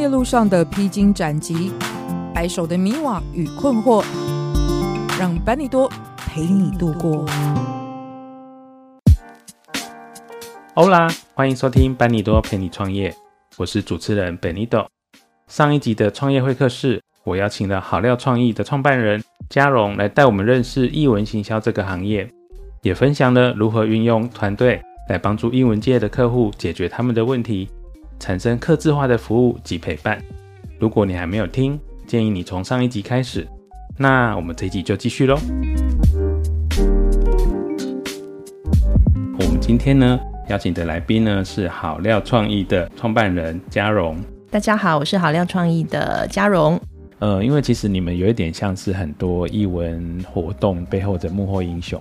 業路上的披荊斬棘，白首的迷惘與困惑，讓班尼多陪你度過。歐啦，歡迎收聽班尼多陪你創業，我是主持人班尼多。上一集的創業會客室，我邀請了好料創意的創辦人嘉蓉來帶我們認識藝文行銷這個行業，也分享了如何運用團隊來幫助藝文界的客戶解決他們的問題。產生客制化的服務及陪伴。如果你還沒有聽，建議你從上一集開始。那我們這一集就繼續嘍。 我們今天呢邀請的來賓呢是好料創意的創辦人嘉蓉。大家好，我是好料創意的嘉蓉。呃，因為其實你們有一點像是很多藝文活動背後的幕後英雄。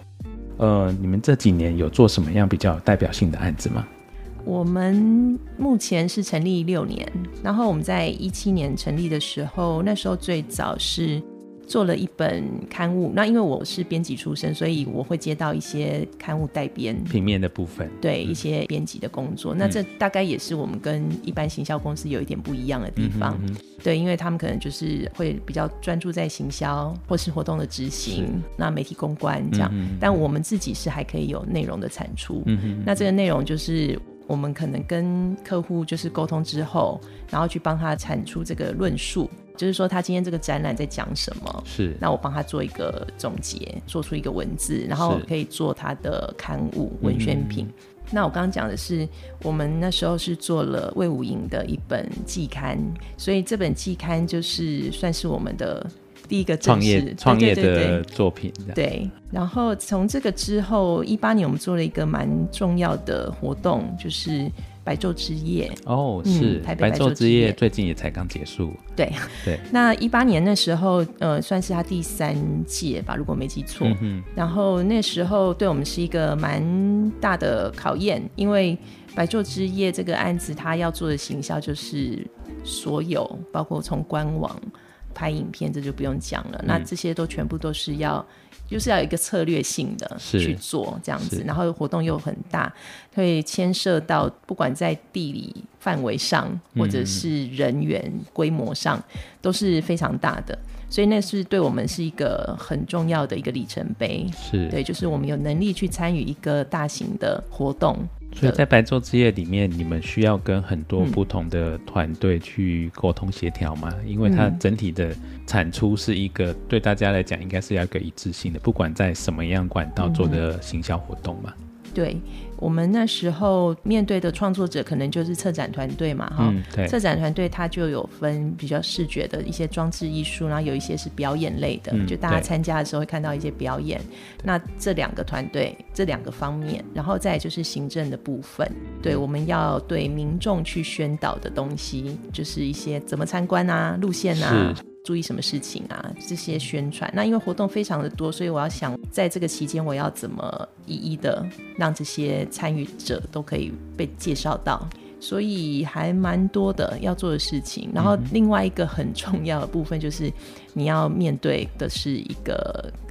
呃，你們這幾年有做什麼樣比較有代表性的案子嗎？我們目前是成立六年，然後我們在一七年成立的時候，那時候最早是做了一本刊物。那因為我是編輯出身，所以我會接到一些刊物代編、平面的部分，對一些編輯的工作、嗯。那這大概也是我們跟一般行銷公司有一點不一樣的地方、嗯哼哼。對，因為他們可能就是會比較專注在行銷或是活動的執行，那媒體公關這樣、嗯哼哼。但我們自己是還可以有內容的產出、嗯哼哼。那這個內容就是。我們可能跟客戶就是溝通之後，然後去幫他產出這個論述，就是說他今天這個展覽在講什麼。是，那我幫他做一個總結，做出一個文字，然後可以做他的刊物文、文宣品。那我剛剛講的是，我們那時候是做了衛武營的一本季刊，所以這本季刊就是算是我們的。第一個創業創業的作品，對，對，對，對。然後從這個之後，一八年我們做了一個蠻重要的活動，就是白晝之夜。哦，嗯、是。台北白晝之夜，白晝之夜最近也才剛結束。對對。那一八年那時候，呃，算是他第三屆吧，如果沒記錯。嗯。然後那時候對我們是一個蠻大的考驗，因為白晝之夜這個案子，他要做的行銷就是所有，包括從官網。拍影片，這就不用講了。嗯，那這些都全部都是要，就是要有一個策略性的去做這樣子，然後活動又很大，嗯，會牽涉到不管在地理範圍上，或者是人員規模上，嗯，都是非常大的，所以那是對我們是一個很重要的一個里程碑，是對，就是我們有能力去參與一個大型的活動。所以在白晝之夜裡面，你們需要跟很多不同的團隊去溝通協調嗎？嗯。因為它整體的產出是一個、嗯、對大家來講應該是要一個一致性的，不管在什麼樣管道做的行銷活動嘛、嗯。對。我們那時候面對的創作者可能就是策展團隊嘛，哈、嗯，策展團隊他就有分比較視覺的一些裝置藝術，然後有一些是表演類的、嗯，就大家參加的時候會看到一些表演。那這兩個團隊，這兩個方面，然後再就是行政的部分，對，我們要對民眾去宣導的東西，就是一些怎麼參觀啊，路線啊。注意什麼事情啊？這些宣傳，那因為活動非常的多，所以我要想，在這個期間我要怎麼一一的讓這些參與者都可以被介紹到，所以還蠻多的要做的事情。然後另外一個很重要的部分就是，你要面對的是一個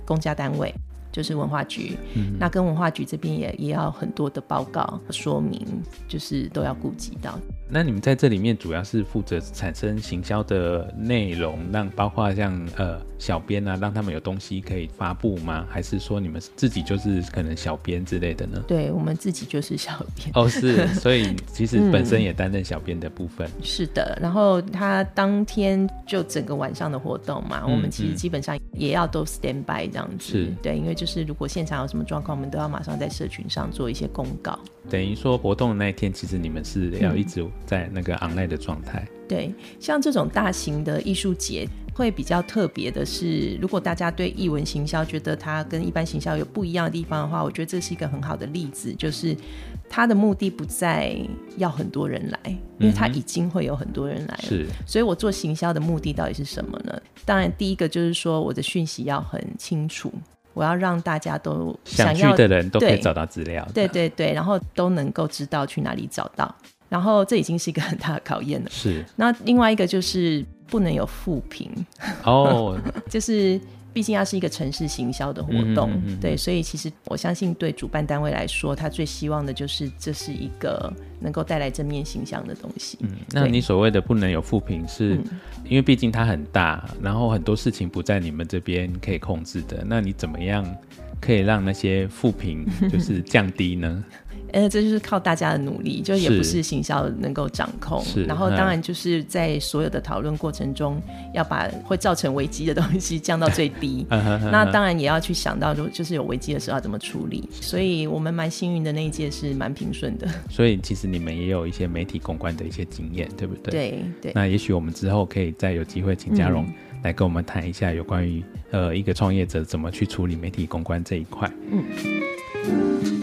公家單位，就是文化局。嗯嗯。那跟文化局這邊也也要很多的報告說明，就是都要顧及到。那你們在這裡面主要是負責產生行銷的內容，讓包括像呃，小編啊，讓他們有東西可以發布嗎？還是說你們自己就是可能小編之類的呢？對，我們自己就是小編。哦，是，所以其實本身也擔任小編的部分、 嗯。是的，然後他當天就整個晚上的活動嘛，嗯、我們其實基本上也要都 stand by 這樣子。是對，因為就是如果現場有什麼狀況，我們都要馬上在社群上做一些公告。等於說活動的那一天，其實你們是要一直、嗯。在那個 online 的狀態。對，像這種大型的藝術節，會比較特別的是，如果大家對藝文行銷覺得它跟一般行銷有不一樣的地方的話，我覺得這是一個很好的例子，就是它的目的不在要很多人來，因為它已經會有很多人來了。嗯、是，所以我做行銷的目的到底是什麼呢？當然，第一個就是說我的訊息要很清楚，我要讓大家都想要，想去的人都可以找到資料，對，對對對，然後都能夠知道去哪裡找到。然後這已經是一個很大的考驗了。是。那另外一個就是不能有負評。哦。 就是畢竟它是一個城市行銷的活動，嗯嗯嗯，對，所以其實我相信對主辦單位來說，他最希望的就是這是一個能夠帶來正面形象的東西。嗯，那你所謂的不能有負評，是因為畢竟它很大，然後很多事情不在你們這邊可以控制的，那你怎麼樣可以讓那些負評就是降低呢？嗯 但是這就是靠大家的努力，就也不是行銷能夠掌控。是，然後當然就是在所有的討論過程中，要把會造成危機的東西降到最低。 那當然也要去想到，就就是有危機的時候要怎麼處理。所以我們蠻幸運的那一屆是蠻平順的。所以其實你們也有一些媒體公關的一些經驗，對不對？對對。那也許我們之後可以再有機會請嘉蓉、嗯、來跟我們談一下有關於呃一個創業者怎麼去處理媒體公關這一塊。嗯。嗯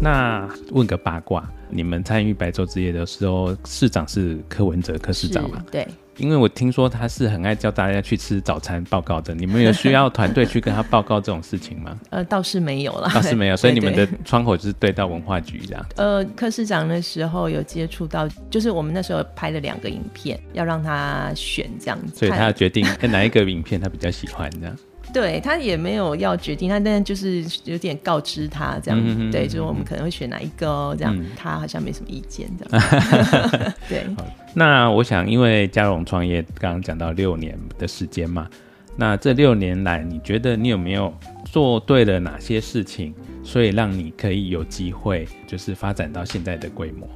那問個八卦，你們參與白晝之夜的時候，市長是柯文哲柯市長嗎？對，因為我聽說他是很愛叫大家去吃早餐報告的，你們有需要團隊去跟他報告這種事情嗎？ 呃，倒是沒有啦，倒是沒有，所以你們的窗口就是對到文化局這樣。對對對。呃，柯市長那時候有接觸到，就是我們那時候拍了兩個影片，要讓他選這樣子，所以他要決定跟哪一個影片他比較喜歡這樣。對他也沒有要決定他，但是就是有點告知他這樣，嗯、對，就是我們可能會選哪一個哦、喔，這樣、嗯、他好像沒什麼意見的。 對。那我想，因為嘉蓉創業剛剛講到六年的時間嘛，那這六年來，你覺得你有沒有做對了哪些事情，所以讓你可以有機會，就是發展到現在的規模？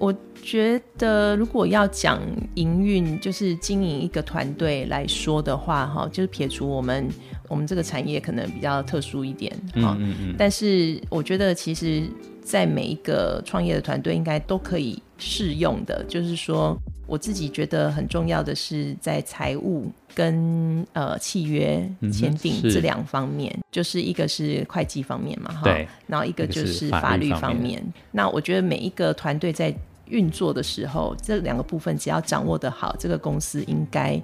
我覺得，如果要講營運，就是經營一個團隊來說的話，哈，就是撇除我們。我們這個產業可能比較特殊一點，嗯，嗯，嗯，但是我覺得其實，在每一個創業的團隊應該都可以適用的。就是說，我自己覺得很重要的是在財務跟呃契約簽訂這兩方面，嗯，就是一個是會計方面嘛，哈，然後一個就是法律方面，方面那我覺得每一個團隊在運作的時候，這兩個部分只要掌握得好，這個公司應該，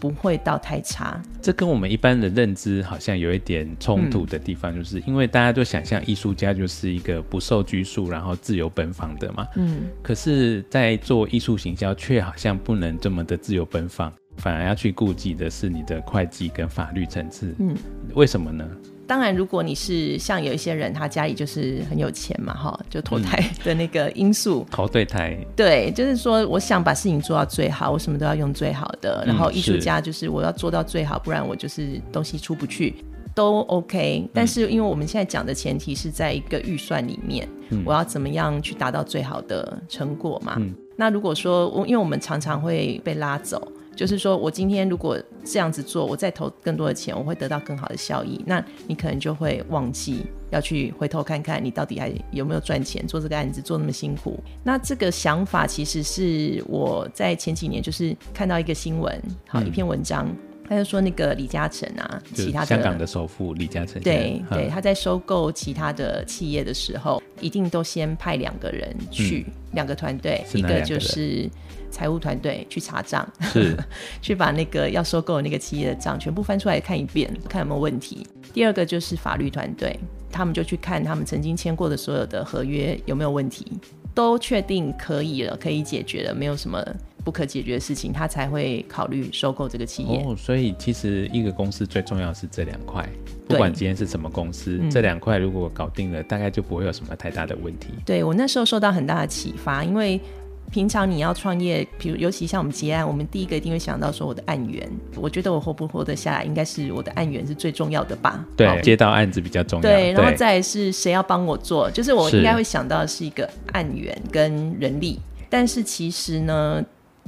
不會到太差，這跟我們一般的認知好像有一點衝突的地方，就是、嗯、因為大家都想象藝術家就是一個不受拘束，然後自由奔放的嘛。嗯，可是，在做藝術行銷卻好像不能這麼的自由奔放，反而要去顧忌的是你的會計跟法律層次。嗯，為什麼呢？當然，如果你是像有一些人，他家裡就是很有錢嘛，哈，就投胎的那個因素，嗯、投對胎，對，就是說，我想把事情做到最好，我什麼都要用最好的。嗯、然後藝術家就是我要做到最好，不然我就是東西出不去，都 OK。但是因為我們現在講的前提是在一個預算裡面，嗯，我要怎麼樣去達到最好的成果嘛，嗯。那如果說我，因為我們常常會被拉走。就是說，我今天如果這樣子做，我再投更多的錢，我會得到更好的效益。那你可能就會忘記要去回頭看看，你到底還有沒有賺錢？做這個案子做那麼辛苦，那這個想法其實是我在前幾年就是看到一個新聞、嗯，好一篇文章，他就說那個李嘉誠啊，香港的首富李嘉誠，對對，他在收購其他的企業的時候，一定都先派兩個人去，嗯、兩個團隊，一個就是。財務團隊去查賬，是 去把那個要收購的那個企業的賬全部翻出來看一遍，看有沒有問題。第二個就是法律團隊，他們就去看他們曾經簽過的所有的合約有沒有問題，都確定可以了，可以解決了，沒有什麼不可解決的事情，他才會考慮收購這個企業。哦，所以其實一個公司最重要的是這兩塊，不管今天是什麼公司，這兩塊如果搞定了、嗯，大概就不會有什麼太大的問題。對，我那時候受到很大的啟發，因為。平常你要創業，比如尤其像我們接案，我們第一個一定會想到說我的案源。我覺得我活不活得下來，應該是我的案源是最重要的吧？對，接到案子比較重要。對，然後再是誰要幫我做，就是我應該會想到的是一個案源跟人力。是，但是其實呢，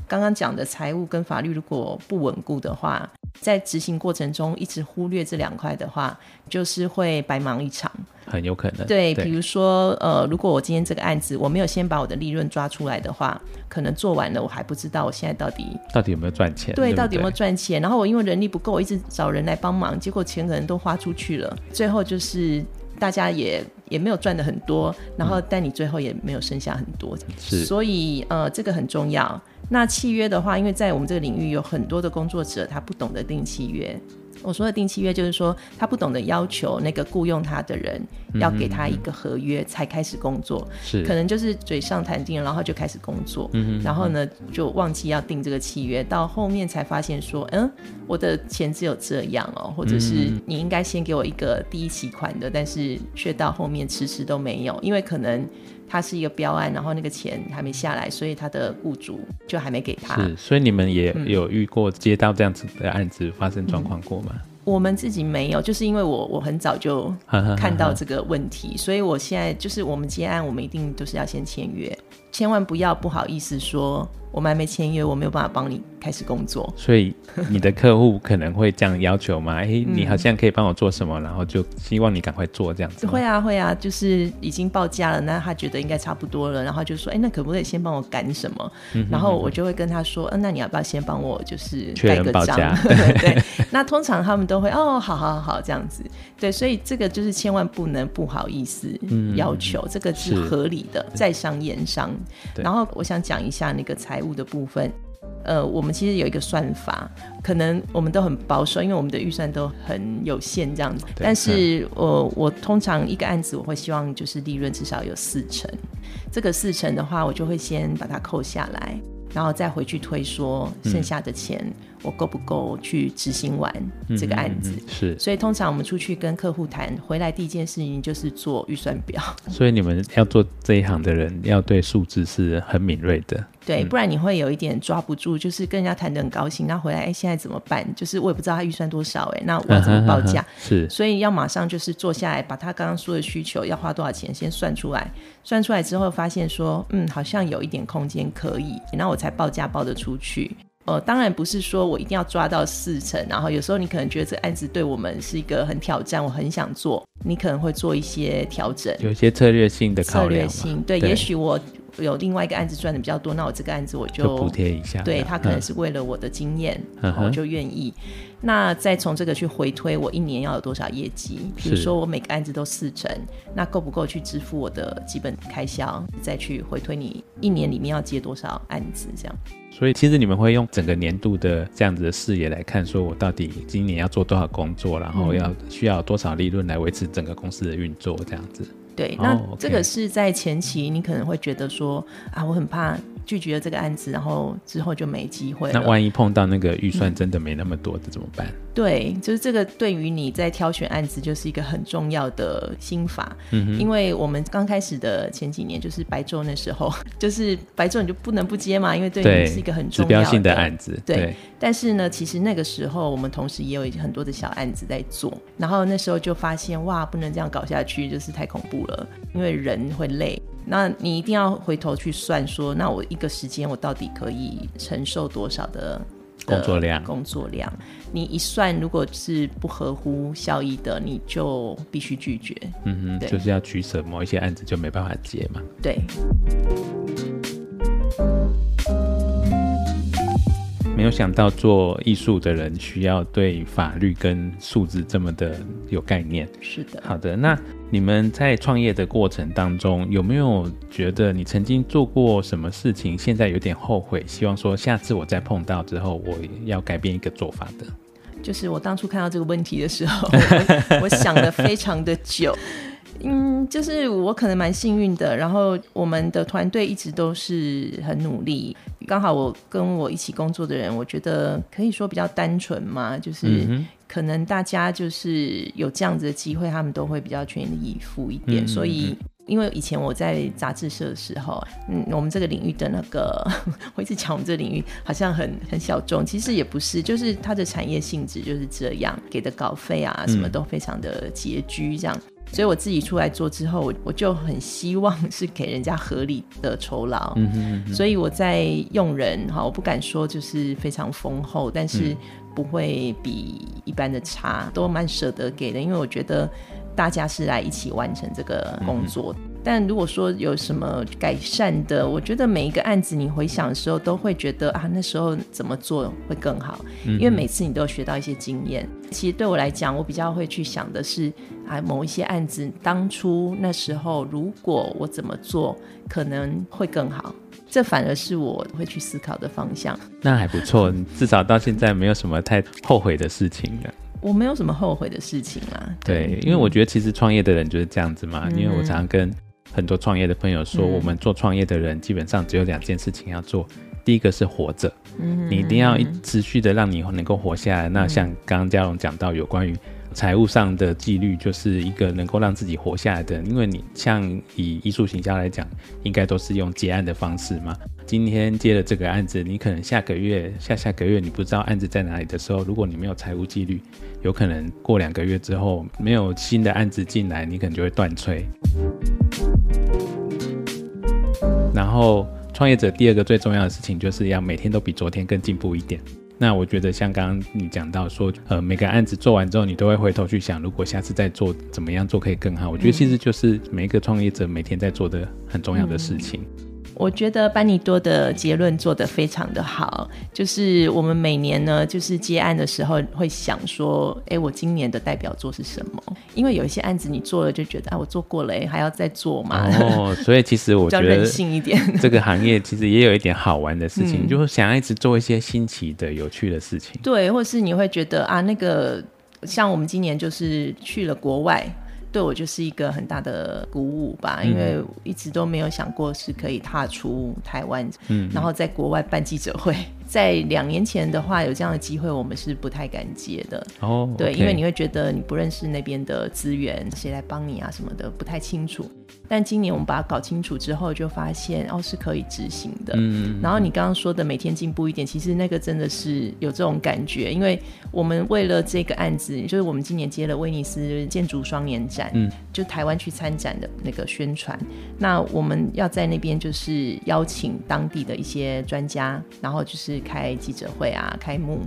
剛剛講的財務跟法律如果不穩固的話，在執行過程中一直忽略這兩塊的話，就是會白忙一場，很有可能。對，比如說，呃，如果我今天這個案子我沒有先把我的利潤抓出來的話，可能做完了我還不知道我現在到底到底有沒有賺錢。對，到底有沒有賺錢？然後我因為人力不夠，我一直找人來幫忙，結果錢可能都花出去了，最後就是大家也也沒有賺得很多，然後但你最後也沒有剩下很多。嗯、是，所以呃，這個很重要。那契約的話，因為在我們這個領域有很多的工作者，他不懂得訂契約。我說的訂契約，就是說他不懂得要求那個僱傭他的人要給他一個合約才開始工作。是、嗯，可能就是嘴上談定了，然後就開始工作，然後呢就忘記要訂這個契約，到後面才發現說，嗯，我的錢只有這樣哦、喔，或者是你應該先給我一個第一期款的，但是卻到後面遲遲都沒有，因為可能。他是一個標案，然後那個錢還沒下來，所以他的雇主就還沒給他。是，所以你們也有遇過接到這樣子的案子發生狀況過嗎？嗯。我們自己沒有，就是因為我我很早就看到這個問題，哈哈哈哈，所以我現在就是我們接案，我們一定就是要先簽約。千萬不要不好意思說，我們還沒簽約，我沒有辦法幫你開始工作。所以你的客戶可能會這樣要求嗎？哎、 欸，你好像可以幫我做什麼，然後就希望你趕快做這樣子。會啊會啊，就是已經報價了，那他覺得應該差不多了，然後就說：“哎、欸，那可不可以先幫我趕什麼嗯哼嗯哼？”然後我就會跟他說：“嗯、啊，那你要不要先幫我就是蓋個章？”對 對。那通常他們都會哦，好好好，這樣子。對，所以這個就是千萬不能不好意思要求，嗯、這個是合理的，在商言商。然後我想講一下那個財務的部分，呃，我們其實有一個算法，可能我們都很保守，因為我們的預算都很有限這樣子。但是我，我、嗯、我通常一個案子我會希望就是利潤至少有四成，這個四成的話，我就會先把它扣下來，然後再回去推說剩下的錢。嗯我夠不夠去執行完這個案子，嗯嗯嗯？是，所以通常我們出去跟客戶談，回來第一件事情就是做預算表。所以你們要做這一行的人，要對數字是很敏銳的、嗯。對，不然你會有一點抓不住，就是跟人家談得很高興，那回來哎、欸、現在怎麼辦？就是我也不知道他預算多少哎、欸，那我要怎麼報價、啊？是，所以要馬上就是坐下來，把他剛剛說的需求要花多少錢先算出來，算出來之後發現說嗯好像有一點空間可以，那我才報價報得出去。呃、哦，當然不是說我一定要抓到四成。然後有時候你可能覺得這個案子對我們是一個很挑戰，我很想做，你可能會做一些調整，有一些策略性的考量。策略性，對，對，也許我，有另外一個案子賺的比較多，那我這個案子我就補貼一下。對，他可能是為了我的經驗，然後、嗯、呃、就願意、嗯。那再從這個去回推，我一年要有多少業績？比如說我每個案子都四成，那夠不夠去支付我的基本開銷？再去回推你一年裡面要接多少案子？這樣。所以其實你們會用整個年度的這樣子的視野來看，說我到底今年要做多少工作，然後要需要多少利潤來維持整個公司的運作，這樣子。嗯對，那這個是在前期，你可能會覺得說、哦 okay、啊，我很怕拒絕了這個案子，然後之後就沒機會。那萬一碰到那個預算真的沒那麼多的、嗯、怎麼辦？對，就是這個對於你在挑選案子就是一個很重要的心法。嗯嗯，因為我們剛開始的前幾年，就是白晝那時候，就是白晝你就不能不接嘛，因為對你是一個很重要的、指標性的案子。對。對但是呢，其實那個時候我們同時也有一些很多的小案子在做，然後那時候就發現哇，不能這樣搞下去，就是太恐怖了，因為人會累。那你一定要回頭去算說，說那我一個時間我到底可以承受多少的、的工作量？工作量，你一算，如果是不合乎效益的，你就必須拒絕。嗯哼，對，就是要取捨，某一些案子就沒辦法接嘛。對。沒有想到做藝術的人需要對法律跟數字這麼的有概念。是的，好的。那你們在創業的過程當中，有沒有覺得你曾經做過什麼事情，現在有點後悔？希望說下次我再碰到之後，我也要改變一個做法的。就是我當初看到這個問題的時候，我，我想得非常的久。 嗯，就是我可能蠻幸運的，然後我們的團隊一直都是很努力。剛好我跟我一起工作的人，我覺得可以說比較單純嘛，就是可能大家就是有這樣子的機會，他們都會比較全力以赴一點，嗯，所以。嗯因為以前我在雜誌社的時候，嗯，我們這個領域的那個，我一直講我們這個領域好像很很小眾，其實也不是，就是它的產業性質就是這樣，給的稿費啊什麼都非常的拮據，這樣、嗯，所以我自己出來做之後，我我就很希望是給人家合理的酬勞、嗯嗯，所以我在用人哈，我不敢說就是非常豐厚，但是不會比一般的差，都蠻捨得給的，因為我覺得。大家是來一起完成這個工作，嗯，但如果說有什麼改善的，我覺得每一個案子你回想的時候，都會覺得啊，那時候怎麼做會更好，嗯，因為每次你都學到一些經驗。其實對我來講，我比較會去想的是啊，某一些案子當初那時候，如果我怎麼做可能會更好，這反而是我會去思考的方向。那還不錯， 至少到現在沒有什麼太後悔的事情了。我沒有什麼後悔的事情啊。對，因為我覺得其實創業的人就是這樣子嘛。嗯、因為我常常跟很多創業的朋友說，嗯、我們做創業的人基本上只有兩件事情要做。第一個是活着，嗯，你一定要持續的讓你能夠活下來。那像剛剛嘉蓉講到有關於財務上的紀律，就是一個能夠讓自己活下來的。因為你像以藝文行銷來講，應該都是用結案的方式嘛。今天接了這個案子，你可能下個月、下下個月，你不知道案子在哪裡的時候，如果你沒有財務紀律，有可能過兩個月之後沒有新的案子進來，你可能就會斷炊。然後，創業者第二個最重要的事情，就是要每天都比昨天更進步一點。那我覺得，像剛剛你講到說，呃，每個案子做完之後，你都會回頭去想，如果下次再做，怎麼樣做可以更好？我覺得其實就是每一個創業者每天在做的很重要的事情。嗯嗯我覺得班尼多的結論做得非常的好，就是我們每年呢，就是接案的時候會想說，哎、欸，我今年的代表作是什麼？因為有一些案子你做了就覺得，啊，我做過了，還要再做嗎？然後哦，所以其實我覺得，比較任性一點，這個行業其實也有一點好玩的事情，就是想一直做一些新奇的、有趣的事情。對，或是你會覺得啊，那個像我們今年就是去了國外。對我就是一個很大的鼓舞吧，因為一直都沒有想過是可以踏出台灣，嗯，然後在國外辦記者會。在兩年前的話，有這樣的機會，我們是不太敢接的。哦，oh, okay. 對，因為你會覺得你不認識那邊的資源，誰來幫你啊什麼的，不太清楚。但今年我們把它搞清楚之後，就發現哦，是可以執行的。嗯，嗯，嗯，然後你剛剛說的每天進步一點，其實那個真的是有這種感覺，因為我們為了這個案子，就是我們今年接了威尼斯建築雙年展，嗯、就台灣去參展的那個宣傳，那我們要在那邊就是邀請當地的一些專家，然後就是開記者會啊，開幕，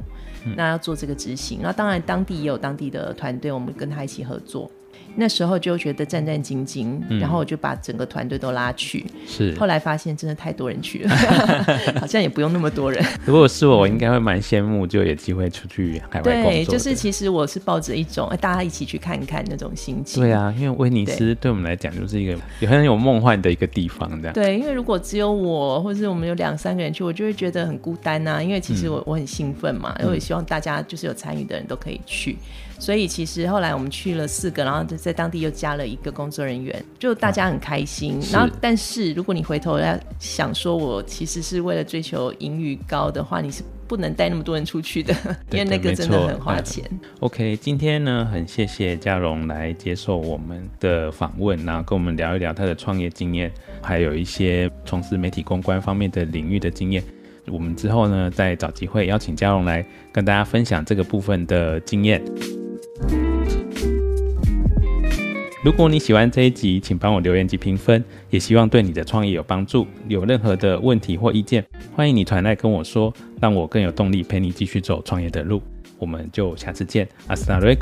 嗯、那要做這個執行，那當然當地也有當地的團隊，我們跟他一起合作。那時候就覺得戰戰兢兢，嗯、然後我就把整個團隊都拉去。是，後來發現真的太多人去了， 好像也不用那麼多人。如果是我，嗯、我應該會蠻羨慕，就有機會出去海外。對，就是其實我是抱着一種大家一起去看看那種心情。對啊，因為威尼斯對我們來講就是一個也很有夢幻的一個地方，這樣。對，因為如果只有我，或者是我們有兩三個人去，我就會覺得很孤單吶、啊。因為其實我、嗯、我很興奮嘛，因、嗯、為希望大家就是有參與的人都可以去。所以其實後來我們去了四個，然後就在當地又加了一個工作人員，就大家很開心。啊、然後但是如果你回頭來想說，我其實是為了追求盈餘高的話，你是不能帶那麼多人出去的，對對對，因為那個真的很花錢。嗯、OK，今天呢很謝謝嘉蓉來接受我們的訪問，然後跟我們聊一聊他的創業經驗，還有一些從事媒體公關方面的領域的經驗。我們之後呢再找機會邀請嘉蓉來跟大家分享這個部分的經驗。如果你喜歡這一集，請幫我留言及評分，也希望對你的創業有幫助。有任何的問題或意見，歡迎你傳來跟我說，讓我更有動力陪你繼續走創業的路。我們就下次見，阿斯達瑞。